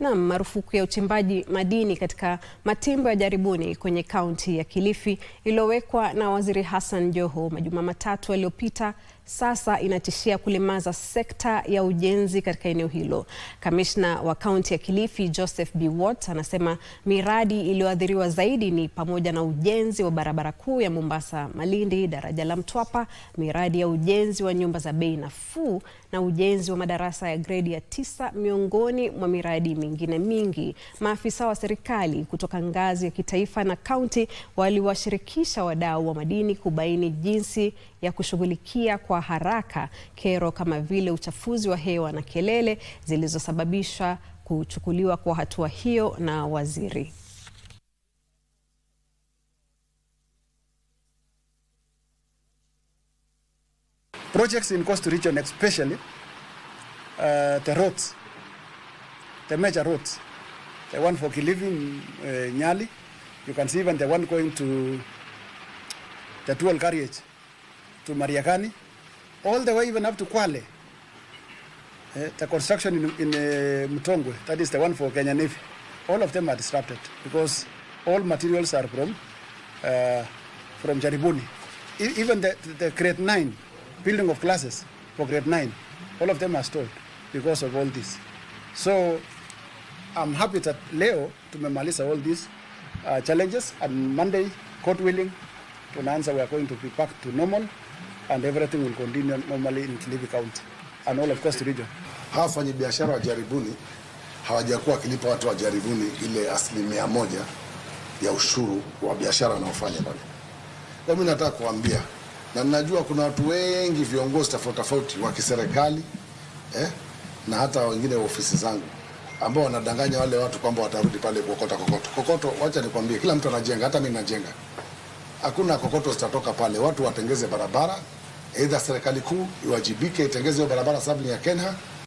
Na marufuku ya uchimbaji madini katika matimbo ya Jaribuni kwenye kaunti ya Kilifi iliyowekwa na Waziri Hassan Joho majuma matatu yaliyopita sasa inatishia kulemaza sekta ya ujenzi katika eneo hilo. Kamishna wa kaunti ya Kilifi Joseph B. Watt anasema miradi iliyoathiriwa zaidi ni pamoja na ujenzi wa barabara kuu ya Mombasa Malindi, daraja la Mtwapa, miradi ya ujenzi wa nyumba za bei nafuu na ujenzi wa madarasa ya gredi ya tisa miongoni mwa miradi mingi mingine mingi. Maafisa wa serikali kutoka ngazi ya kitaifa na kaunti waliwashirikisha wadau wa madini kubaini jinsi ya kushughulikia kwa haraka kero kama vile uchafuzi wa hewa na kelele zilizosababisha kuchukuliwa kwa hatua hiyo na waziri. Projects in Coast region especially uh, the roads the major roads, the one for Kilifi, uh, Nyali. You can see even the one going to the dual carriage to Mariakani, all the way even up to Kwale. Uh, the construction in, in uh, Mutongwe, that is the one for Kenya Navy, all of them are disrupted because all materials are from uh, from Jaribuni. E even the, the grade 9 building of classes for grade 9, all of them are stored because of all this. So I'm happy that leo tumemaliza all these uh, challenges and Monday court willing tunaanza we are going to be back to normal and everything will continue normally in Kilifi County and all of course the region. Hawa wafanya biashara wa jaribuni hawajakuwa wakilipa watu wa jaribuni ile asilimia moja ya ushuru wa biashara wanaofanya pale. Kwa mimi nataka kuambia na ninajua kuna watu wengi viongozi tofauti tofauti wa kiserikali eh, na hata wengine wa ofisi zangu ambao wanadanganya wale watu kwamba watarudi pale kuokota kokoto. Kokoto, wacha nikwambie, kila mtu anajenga, hata mimi najenga. Hakuna kokoto zitatoka pale. Watu watengeze barabara, aidha serikali kuu iwajibike, itengeze barabara sababu ni ya Kenya.